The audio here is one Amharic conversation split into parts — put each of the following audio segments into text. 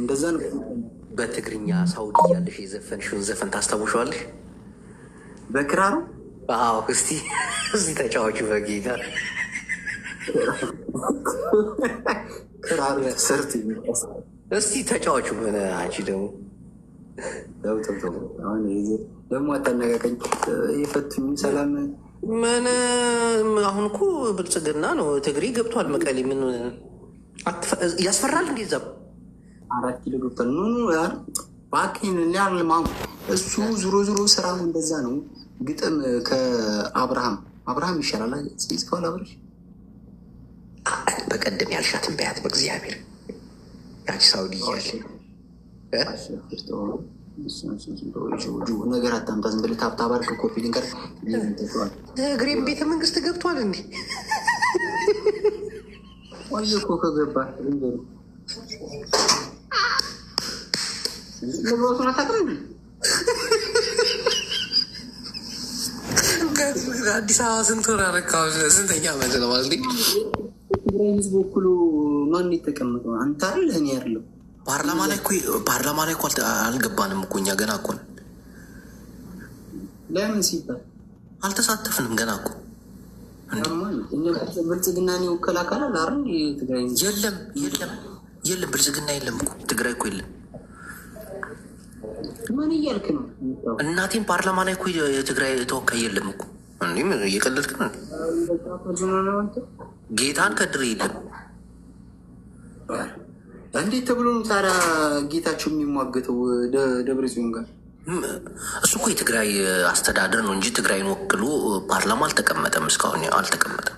እንደዛ ነው። በትግርኛ ሳውዲ እያለሽ የዘፈንሽውን ዘፈን ታስታውሸዋለሽ? በክራሩ አዎ። እስቲ እስቲ ተጫዋቹ በጌታ ክራሩ ስርት እስቲ ተጫዋቹ ሆነ። አንቺ ደግሞ ደግሞ አታነቃቀኝ። የፈቱኝ ሰላም ምን አሁን እኮ ብልጽግና ነው። ትግሪ ገብቷል መቀሌ። ምን ያስፈራል? እንደዛ አራት ኪሎ ዶክተር ኑ እባክህን ሊያልማ እሱ ዞሮ ዞሮ ስራ እንደዛ ነው። ግጥም ከአብርሃም አብርሃም ይሻላል ጽፈዋል። አብረሽ በቀደም ያልሻትን በያት በእግዚአብሔር ያቺ ሳውዲ ነገር አታምጣ። ዝም ብለህ ታብታ ባርክ ኮፒ ልንቀር እግሬም ቤተ መንግስት ገብቷል እንዴ? ቆየ እኮ ከገባ አዲስ አበባ ስንት ወር አረካዎች? ስንተኛ ዓመት ነው ማለት ትግራይ ህዝብ በኩሉ ማን የተቀመጠው? አንተ አይደለህ እኔ አይደለሁ። ፓርላማ ላይ ፓርላማ ላይ እኮ አልገባንም እኮ እኛ ገና እኮ ለምን ሲባል አልተሳተፍንም ገና እኮ ብልጽግና እኔ ወከል አካል አለ የለም፣ የለም፣ የለም ብልጽግና የለም እኮ ትግራይ እኮ የለም። ምን እያልክ ነው? እናቴን ፓርላማ ላይ እኮ የትግራይ ተወካይ የለም እኮ። እንዲም እየቀለድክ ነው። ጌታን ከድር የለም እንዴት ተብሎ ነው ታዲያ ጌታቸው የሚሟገተው ደብረ ጽዮን ጋር እሱ እኮ የትግራይ አስተዳደር ነው እንጂ ትግራይን ወክሎ ፓርላማ አልተቀመጠም፣ እስካሁን አልተቀመጠም።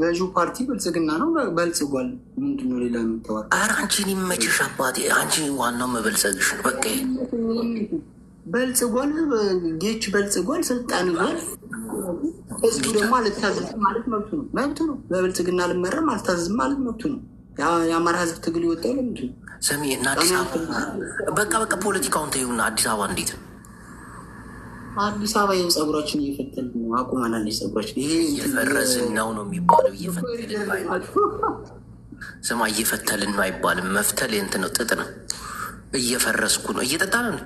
ገዢው ፓርቲ ብልጽግና ነው፣ በልጽጓል። ምንድን ነው ሌላ የሚተዋል? ኧረ አንቺን ይመችሽ አባቴ፣ አንቺ ዋናው መበልጸግሽ ነው። በቃ በልጽጓል፣ ጌች በልጽጓል፣ ስልጣን ይዟል። እሱ ደግሞ አልታዘዝም ማለት መብቱ ነው፣ መብቱ ነው። በብልጽግና ልመረም አልታዘዝም ማለት መብቱ ነው። የአማራ ህዝብ ትግል ይወጣል። ስሚ እና አዲስ አበባ በቃ በቃ ፖለቲካውን ተይውና አዲስ አበባ እንዴት አዲስ አበባ ይህን ጸጉራችን እየፈተል ነው አቁመናል። ጸጉራችን እየፈረዝን ነው ነው የሚባለው። እየፈተልን ስማ፣ እየፈተልን ነው አይባልም። መፍተል እንትን ነው ጥጥ ነው። እየፈረስኩ ነው። እየጠጣ ነው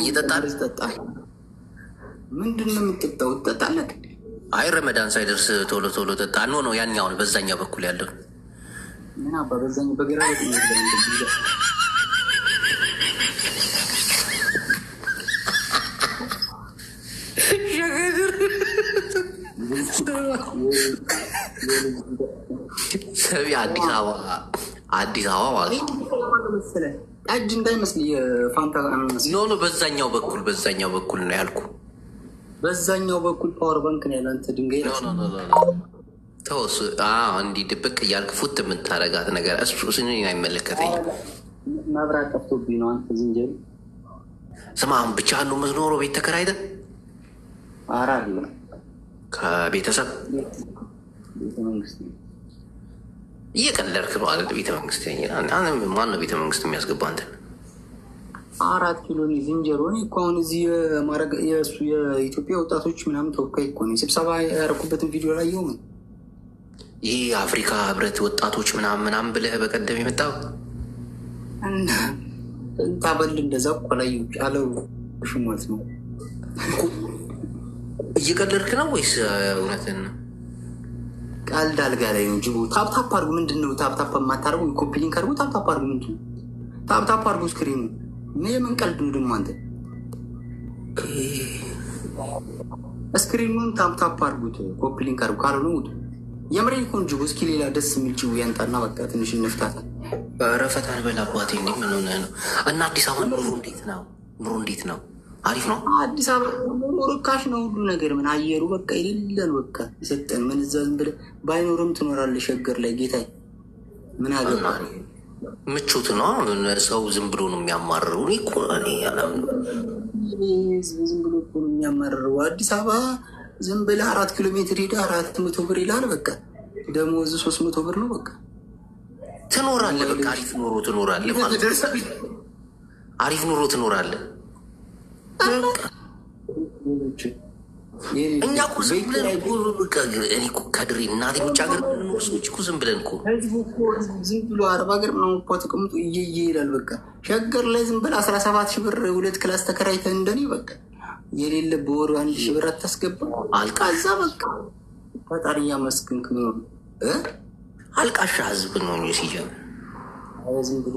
እየጠጣ ምንድን ነው የምጠጣው? ትጠጣለህ አይ ረመዳን ሳይደርስ ቶሎ ቶሎ ጠጣ ኖ ነው ያኛውን በዛኛው በኩል ያለው ሰቢ አዲስ አበባ አዲስ አበባ ማለት ነው። በዛኛው በኩል በዛኛው በኩል ነው ያልኩ በዛኛው በኩል ፓወር ባንክ ነው ያለንተ ድንጋይ ተወሱ። እንዲህ ድብቅ እያልክ ፉት የምታረጋት ነገር እሱ አይመለከተኝ። መብራት ጠፍቶብኝ ነው። አንተ ዝንጀሮ ስማ፣ አሁን ብቻህን ነው የምትኖረው? ቤት ተከራይተህ? ኧረ አይደለም፣ ከቤተሰብ ቤተመንግስት። እየቀለድክ ነው አይደል? ቤተመንግስት ማነው ቤተመንግስት የሚያስገባ አንተን አራት ኪሎ ነው ዝንጀሮ ነው እኮ አሁን እዚህ የኢትዮጵያ ወጣቶች ምናምን ተወካይ እኮ ነው። ስብሰባ ያደረኩበትን ቪዲዮ ላይ የውም ይህ አፍሪካ ህብረት ወጣቶች ምናምን ምናምን ብለህ በቀደም የመጣው ታበል እንደዛ እኮ ላይ አለው ሽሞት ነው። እየቀለድክ ነው ወይስ እውነትን ነው? ቀልድ አልጋ ላይ ነው ጅቦ። ታፕታፕ አድርጉ። ምንድን ነው ታፕታፕ የማታደርጉ? ኮፒ ሊንክ አድርጉ። ታፕታፕ አድርጉ። ምንድን ነው ታፕታፕ አድርጉ። ነው ምን የምንቀልድ ነው ደግሞ አንተ። እስክሪኑን ታምታፕ አርጉት፣ ኮፒ ሊንክ አርጉ፣ ካልሆነ ውጡ። የምሬ ቆንጆ እስኪ ሌላ ደስ የሚል ጭው ያንጣና በቃ ትንሽ እንፍታታል። ረፈት አልበላ አባቴ እንዲ ምን ሆነ ነው? እና አዲስ አበባ ኑሮ እንዴት ነው? ኑሮ እንዴት ነው? አሪፍ ነው። አዲስ አበባ ኑሮ ርካሽ ነው ሁሉ ነገር። ምን አየሩ በቃ የሌለን በቃ የሰጠን ምን እዛ ዝም ብለህ ባይኖርም ትኖራለህ ሸገር ላይ ጌታ ምን አገባ ምቾት ነው። ሰው ዝም ብሎ ነው የሚያማርረው። እኔ እኮ እኔ አላምንም። ዝም ብሎ እኮ ነው የሚያማርረው። አዲስ አበባ ዝም ብለህ አራት ኪሎ ሜትር ሄደህ አራት መቶ ብር ይላል። በቃ ደሞዝ ሶስት መቶ ብር ነው። በቃ ትኖራለህ። በቃ አሪፍ ኑሮ ትኖራለህ ማለት አሪፍ ኑሮ ትኖራለህ። እኛ እኮ ዝም ብለን ከድሬ እናቴ ውጭ ሀገር ሰዎች እኮ ዝም ብለን እኮ ህዝቡ እኮ ዝም ብሎ አረብ ሀገር ምናምን እኮ ተቀምጦ እየየ ይላል። በቃ ሸገር ላይ ዝም ብለህ አስራ ሰባት ሺህ ብር ሁለት ክላስ ተከራይተህ እንደኔ በቃ የሌለ በወር አንድ ሺህ ብር አታስገባ አልቃዛ በቃ ፈጣሪ እያመስግን ክኖሩ አልቃሻ ህዝብ ነው ሲጀምር ዝም ብሎ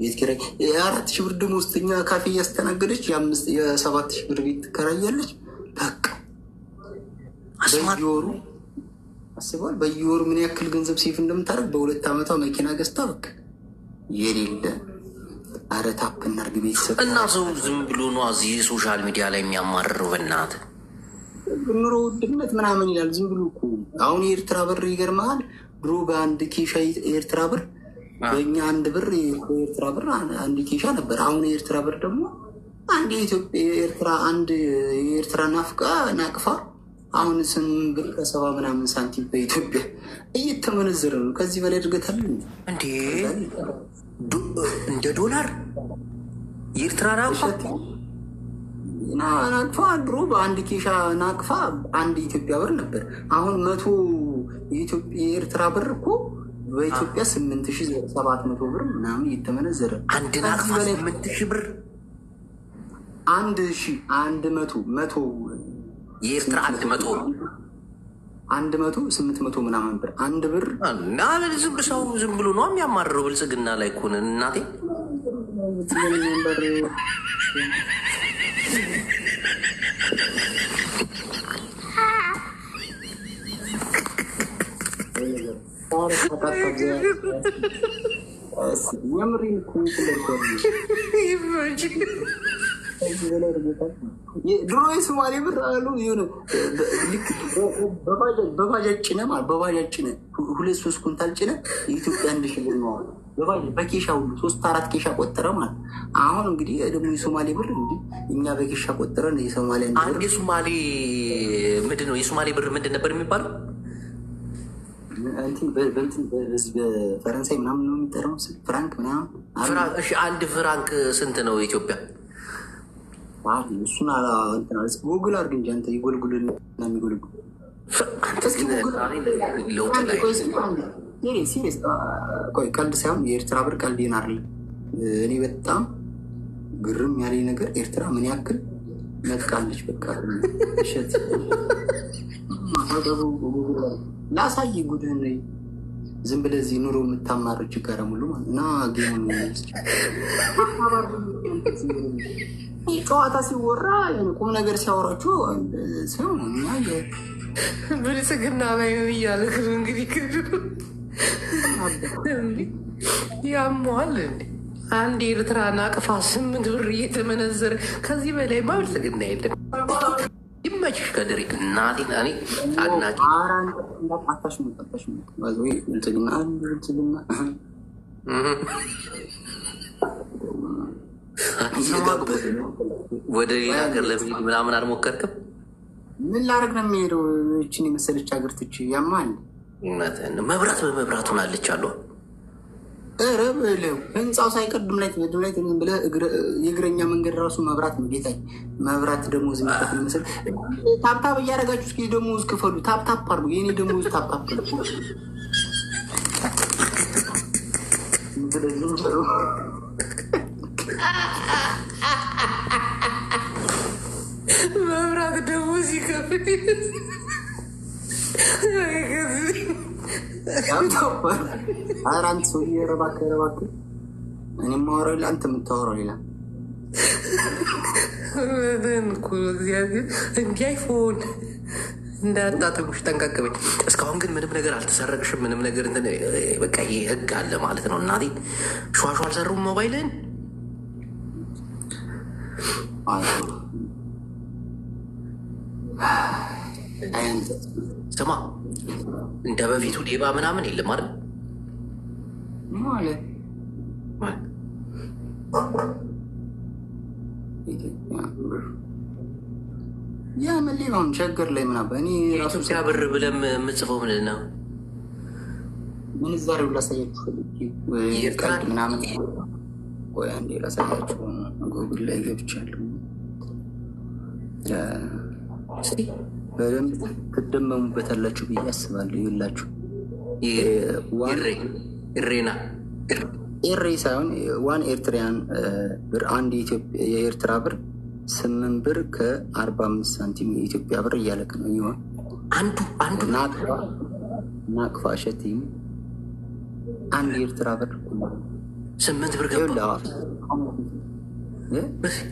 ቤት ኪራይ የአራት ሺህ ብር ደሞዝተኛ ካፌ እያስተናገደች የሰባት ሺህ ብር ቤት ትከራያለች በቃ በየወሩ አስበዋል። በየወሩ ምን ያክል ገንዘብ ሴፍ እንደምታደርግ በሁለት ዓመቷ መኪና ገዝታ በቃ የሌለ አረ ታፕ ቤተሰብ እና ሰው ዝም ብሎ ነ እዚህ ሶሻል ሚዲያ ላይ የሚያማርረው። በናት ኑሮ ውድነት ምናምን ይላል ዝም ብሎ እኮ አሁን የኤርትራ ብር ይገርመሃል። ድሮ በአንድ ኬሻ የኤርትራ ብር በእኛ አንድ ብር የኤርትራ ብር አንድ ኬሻ ነበር። አሁን የኤርትራ ብር ደግሞ አንድ የኢትዮጵያ የኤርትራ አንድ የኤርትራ ናፍቃ ናቅፋ አሁን ስምንት ብር ከሰባ ምናምን ሳንቲም በኢትዮጵያ እየተመነዘረ ነው። ከዚህ በላይ እድገት እንዴ? እንደ ዶላር የኤርትራ ናቅፋ ናቅፋ ድሮ በአንድ ኬሻ ናቅፋ አንድ ኢትዮጵያ ብር ነበር። አሁን መቶ የኤርትራ ብር እኮ በኢትዮጵያ ስምንት ሺ ሰባት መቶ ብር ምናምን እየተመነዘረ አንድ ናቅፋ ስምንት ሺ ብር አንድ ሺ አንድ መቶ መቶ የኤርትራ አንድ መቶ አንድ መቶ ስምንት መቶ ምናምን ብር አንድ ብር ዝም ሰው ዝም ብሎ ነው የሚያማርረው። ብልጽግና ላይ እኮ ነን እናቴ። የምሬን እኮ ድሮ የሶማሌ ብር አሉ በባጃጅ ጭነ በባጃጅ ጭነ ሁለት ሶስት ኩንታል ጭነ የኢትዮጵያ አንድ ሺህ ብር ነዋል በኬሻ ሁሉ ሶስት አራት ኬሻ ቆጠረ ማለት አሁን እንግዲህ ደግሞ የሶማሌ ብር እንግዲህ እኛ በኬሻ ቆጠረ የሶማሌ አንድ የሶማሌ ምንድን ነው የሶማሌ ብር ምንድን ነበር የሚባለው? በፈረንሳይ ምናምን ነው የሚጠራው ፍራንክ ምናምን። አንድ ፍራንክ ስንት ነው ኢትዮጵያ? ባህል እሱን ጎግል አድርግ እንጂ አንተ ይጎልጉልና የሚጎልጉል ቀልድ ሳይሆን የኤርትራ ብር ቀልድ ይናርል። እኔ በጣም ግርም ያለኝ ነገር ኤርትራ ምን ያክል መጥቃለች። በቃ እሸት ላሳይ ጉድህን ዝም ብለህ እዚህ ኑሮ የምታማር ጋር ሙሉ እና ጌሙ ይህ ጨዋታ ሲወራ ቁም ነገር ሲያወራችሁ ሲሆን ብልጽግና ላይ እያለ እያልክ እንግዲህ ክልሉ ያሟል አንድ ኤርትራን ናቅፋ ስምንት ብር እየተመነዘረ ከዚህ በላይ ማብልጽግና የለም። ይመችሽ ከድሪ እናቴ እኔ አድናቂ ወደ ሌላ ሀገር ለመሄድ ምናምን አልሞከርክም? ምን ላደርግ ነው የሚሄደው? እችን የመሰለች ሀገር ትች ያማል። መብራት በመብራት ሆናለች አሉ። ኧረ በለው ህንፃው ሳይቀር ድምላይ ድምላይ ብለህ የእግረኛ መንገድ ራሱ መብራት ነው ጌታ። መብራት ደሞዝ የሚከፍል መሰል ታፕታፕ እያደረጋችሁ እስኪ ደሞዝ ክፈሉ። ታፕታፕ አድርጉ። የኔ ደሞዝ ታፕታፕ ነው። መብራት ደግሞ ሲከፍል አንተ ሰውዬ እባክህ እባክህ እኔ የማወራው የምታወራው ሌላ አይፎን እስካሁን ግን ምንም ነገር አልተሰረቅሽም። ምንም ነገር በቃ ህግ አለ ማለት ነው። እናቴ ሸዋሸ አልሰሩም ሞባይልን ስማ እንደ በፊቱ ሌባ ምናምን የለም አይደል? ማለት ያ ምን ሌባውን ቸገር ላይ ምናምን እኔ ብር ብለም የምጽፈው ምንድን ነው? ምንዛሬው ላሳያችሁ ምናምን ላሳያችሁ ጉግል ላይ ገብቻለሁ። በደንብ ትደመሙበታላችሁ ብዬ አስባለሁ። ይላችሁ ሬና ኤሬ ሳይሆን ዋን ኤርትሪያን ብር አንድ የኤርትራ ብር ስምንት ብር ከአርባ አምስት ሳንቲም የኢትዮጵያ ብር እያለቅ ነው ይሆን አንዱ አንዱ ናቅፋ ሸቲም አንድ የኤርትራ ብር ስምንት ብር ገባ።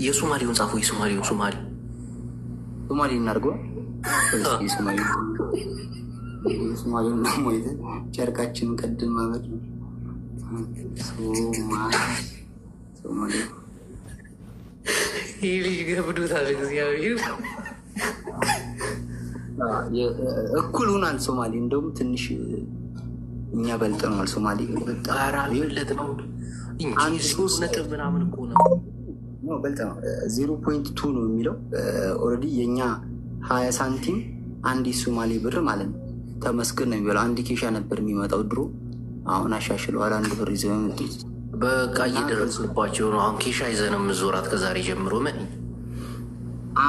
የሶማሌውን ጻፎ የሶማሌውን ሶማሌ ሶማሌ እናድርገዋል። ሶማሌ ደሞ ጨርቃችን ቀድም ማለት ይህ ልጅ ገብዶታል። እግዚአብሔር እኩል ሁናል። ሶማሌ እንደውም ትንሽ እኛ በልጠነዋል። ሶማሌ ጣራ ለት ነው አንድ ሶስት ነጥብ ምናምን እኮ ነው ነው በልጥ ነው ዜሮ ፖይንት ቱ ነው የሚለው ኦረዲ የእኛ ሀያ ሳንቲም አንድ ሶማሌ ብር ማለት ነው። ተመስገን ነው የሚለው አንድ ኬሻ ነበር የሚመጣው ድሮ፣ አሁን አሻሽል ኋላ አንድ ብር ይዘው የመጡት በቃ እየደረስባቸው ነው። አሁን ኬሻ ይዘ ነው ምዞራት ከዛሬ ጀምሮ መ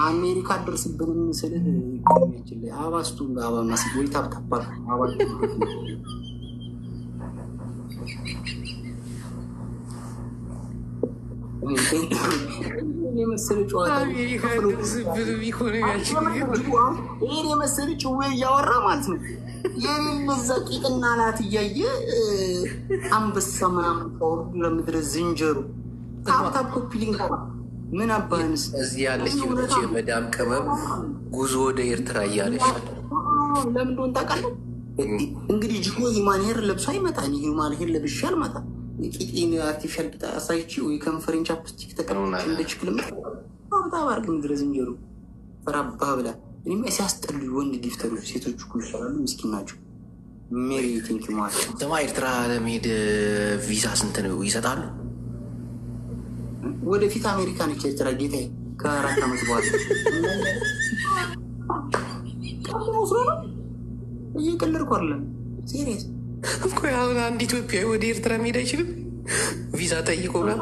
አሜሪካ ደርስብንም ስልህ ችለ አባስቱ አባ ማስ ወይ አባ ይሄን የመሰለ ጭዌ እያወራ ማለት ነው። እያየ አንበሳ ምናምን ከወርዱ ለምድረ ዝንጀሮ ታፕታፕ ኮፒሊንግ ምን አባንስ እዚህ ያለች የሆነች የመዳም ቅመም ጉዞ ወደ ኤርትራ እያለች ለምን ታውቃለህ? እንግዲህ ጅጎ ሂማን ሄር ለብሶ አይመጣ ሂማን ሄር ለብሻል መጣ የቂጤን አርቲፊሻል ወይ የከንፈሬን ቻፕስቲክ ተቀብቼ እንደ ችክል በጣም አርግም ድረስ እንጀሩ ፈራባ ብላ እኔ ሲያስጠሉ ወንድ ጊፍተሮች ሴቶች እኮ ይሻላሉ። ምስኪን ናቸው። ሜሪ ቲንክ ማለት ማለትማ ኤርትራ ለመሄድ ቪዛ ስንት ነው ይሰጣሉ? ወደፊት አሜሪካ ነች ኤርትራ ጌታ ከአራት ዓመት በኋላ እየቀለድኩ አይደለም ሴሪየስ እኮ አሁን አንድ ኢትዮጵያዊ ወደ ኤርትራ መሄድ አይችልም? ቪዛ ጠይቆ ብላ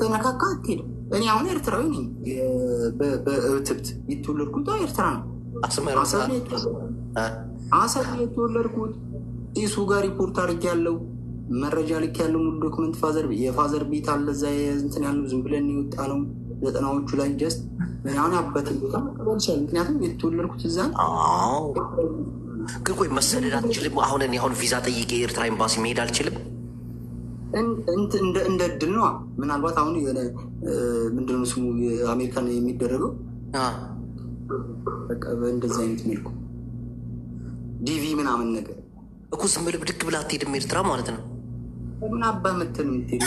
ተነካካ አትሄድም። እኔ አሁን ኤርትራዊ ነኝ፣ በእብትብት የተወለድኩት ኤርትራ ነው። አሰብ የተወለድኩት ኢሱ ጋር ሪፖርት አድርግ ያለው መረጃ ልክ ያለው ሙሉ ዶክመንት ፋዘር የፋዘር ቤት አለ እዛ እንትን ያለው ዝም ብለን የወጣ ነው ዘጠናዎቹ ላይ ጀስት ምናምን አበትን ቦታ ምክንያቱም የተወለድኩት እዛ ነው። ግን ቆይ መሰደድ አትችልም? አሁን እኔ አሁን ቪዛ ጠይቄ የኤርትራ ኤምባሲ መሄድ አልችልም? እንደ እድል ነ ምናልባት አሁን የሆነ ምንድነው ስሙ አሜሪካን የሚደረገው እንደዚህ አይነት መልኩ ዲቪ ምናምን ነገር እኮ ዝም ብለህ ብድግ ብላ አትሄድም ኤርትራ ማለት ነው። ምን አባ ምትን ምትል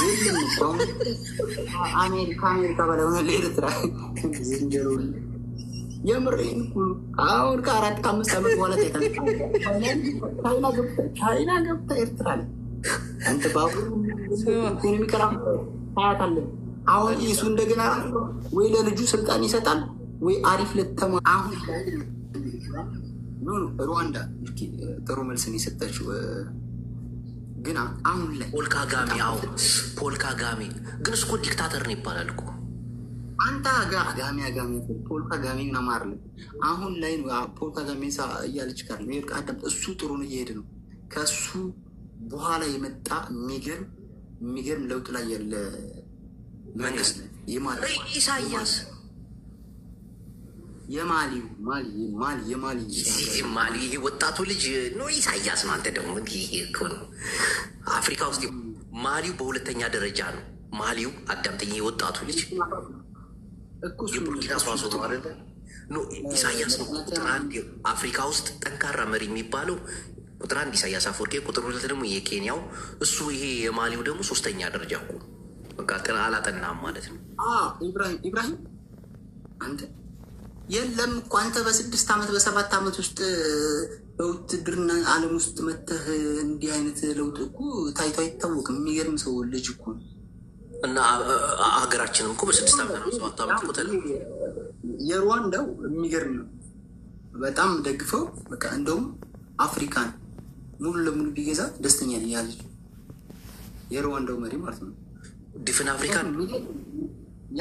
አሜሪካ አሜሪካ በላይ ሆነ ለኤርትራ ዝንጀሮ የምሬን አሁን ከአራት ከአምስት ዓመት በኋላ ቻይና ገብታ ኤርትራ አንተ ባቡር የሚቀራ ሀያት አለ። አሁን እሱ እንደገና ወይ ለልጁ ስልጣን ይሰጣል ወይ አሪፍ ለተማ አሁን ሩዋንዳ ጥሩ መልስን የሰጠችው ግን አሁን ላይ ፖል ካጋሜ ፖል ካጋሜ ግን እስኮ ዲክታተር ነው ይባላል እኮ አንተ ጋሚ ጋሚ ፖል ካጋሜ ምናምን አይደለም። አሁን ላይ ፖል ካጋሜ እያለች ጋር ነው አደም እሱ ጥሩ ነው እየሄድ ነው። ከእሱ በኋላ የመጣ የሚገርም የሚገርም ለውጥ ላይ ያለ መንግስት ኢሳያስ የማሊ ማሊ ማሊ የማሊ ማሊ ይሄ ወጣቱ ልጅ ነው ኢሳያስ ነው። አንተ ደግሞ ነው አፍሪካ ውስጥ ማሊው በሁለተኛ ደረጃ ነው። ማሊው አዳምጠኝ፣ የወጣቱ ልጅ ኢሳያስ ነው ቁጥር አንድ አፍሪካ ውስጥ ጠንካራ መሪ የሚባለው ቁጥር አንድ ኢሳያስ አፈወርቂ፣ ቁጥር ሁለት ደግሞ የኬንያው እሱ፣ ይሄ የማሊው ደግሞ ሶስተኛ ደረጃ እኮ በቃ አላጠናም ማለት ነው። ኢብራሂም ኢብራሂም አንተ የለም እኮ አንተ በስድስት ዓመት በሰባት ዓመት ውስጥ በውትድርና ዓለም ውስጥ መተህ እንዲህ አይነት ለውጥ እኮ ታይቶ አይታወቅም። የሚገርም ሰው ልጅ እኮ እና ሀገራችንም እኮ በስድስት ዓመት ነው ሰባት ዓመት እኮ የሩዋንዳው የሚገርም ነው። በጣም ደግፈው በቃ እንደውም አፍሪካን ሙሉ ለሙሉ ቢገዛ ደስተኛ ነኝ ያለች የሩዋንዳው መሪ ማለት ነው። ድፍን አፍሪካን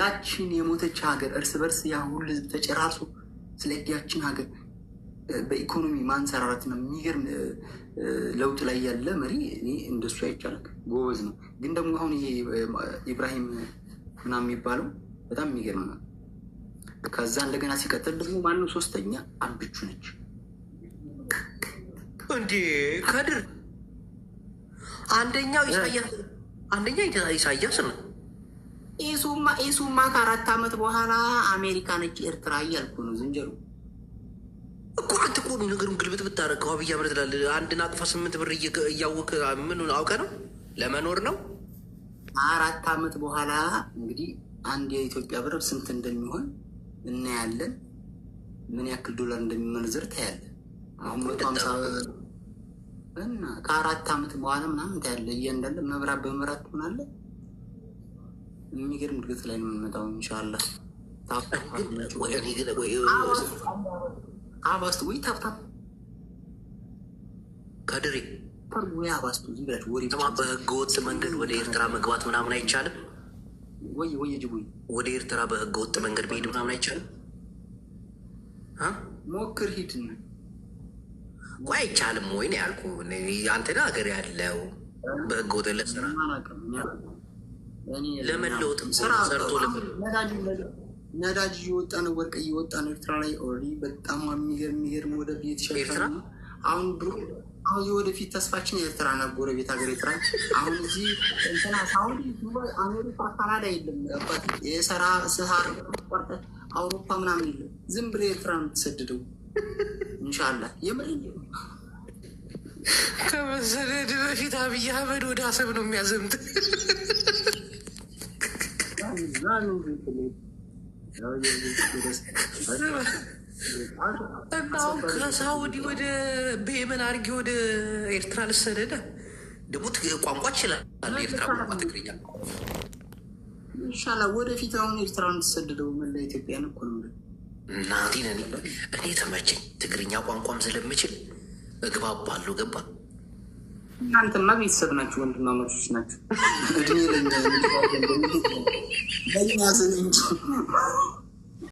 ያችን የሞተች ሀገር እርስ በርስ ያ ሁሉ ህዝብ ተጨራርሶ ስለ ያችን ሀገር በኢኮኖሚ ማንሰራራት ነው የሚገርም ለውጥ ላይ ያለ መሪ እኔ እንደሱ አይቻልም። ጎበዝ ነው። ግን ደግሞ አሁን ይሄ ኢብራሂም ምናምን የሚባለው በጣም የሚገርም ነው። ከዛ እንደገና ሲቀጥል ደግሞ ማነው ሶስተኛ? አንብቹ ነች እንዴ ከድር አንደኛው ኢሳያስ አንደኛ ኢሳያስ ነው። ኢሱማ ኢሱማ ከአራት ዓመት በኋላ አሜሪካ ነች ኤርትራ እያልኩ ነው። ዝንጀሮ እኮ አንተ እኮ ነገሩን ግልብጥ ብታደረገው ከዋብያ አህመድ ትላለህ። አንድን አቅፋ ስምንት ብር እያወቅህ ምን አውቀ ነው ለመኖር ነው አራት ዓመት በኋላ እንግዲህ አንድ የኢትዮጵያ ብር ስንት እንደሚሆን እናያለን። ምን ያክል ዶላር እንደሚመነዘር ታያለን። አሁን እና ከአራት ዓመት በኋላ ምናምን ታያለ። እያንዳንድ መብራት በመብራት ትሆናለ። የሚገርም እድገት ላይ ነው የምንመጣው እንሻላ። አባስት ወይ ታፕታፕ ከድሬ በህገወጥ መንገድ ወደ ኤርትራ መግባት ምናምን አይቻልም ወይ? ወይ ጅቡይ ወደ ኤርትራ በህገወጥ መንገድ መሄድ ምናምን አይቻልም። ሞክር ሂድ። ቆይ አይቻልም ወይ ነው ያልኩህ። አንተና ሀገር ያለው በህገወጥ ለስራ ለመለወጥም ስራ ሰርቶ ነዳጅ እየወጣ ነው፣ ወርቅ እየወጣ ነው ኤርትራ ላይ ኦልሬዲ በጣም የሚገርም ወደ ቤት ሸርተነ አሁን ብሩ አሁን የወደፊት ተስፋችን የኤርትራ ና ጎረቤት ሀገር ኤርትራ። አሁን እዚህ እንትና ሳውዲ፣ ዱባይ፣ አሜሪካ፣ ካናዳ የለም የሰራ ስሃር አውሮፓ ምናምን የለም። ዝም ብለ ኤርትራ የምትሰድደው እንሻላ የምር ከመሰደድ በፊት አብይ አህመድ ወደ አሰብ ነው የሚያዘምት። እና አሁን ከሳውዲ ወደ በየመን አድርጌ ወደ ኤርትራ ልሰደደ ደግሞ ቋንቋ ይችላል። ኤርትራ ቋንቋ ትግርኛ ይሻላል። ወደፊት አሁን ኤርትራ የምትሰደደው መላ ኢትዮጵያን እኮ ነው። እናቴን እኔ ተመቸኝ። ትግርኛ ቋንቋም ስለምችል እግባባለሁ። ገባ እናንተማ ቤተሰብ ናችሁ፣ ወንድማማቾች ናችሁ። እድሜ ለኛ ስን እንጂ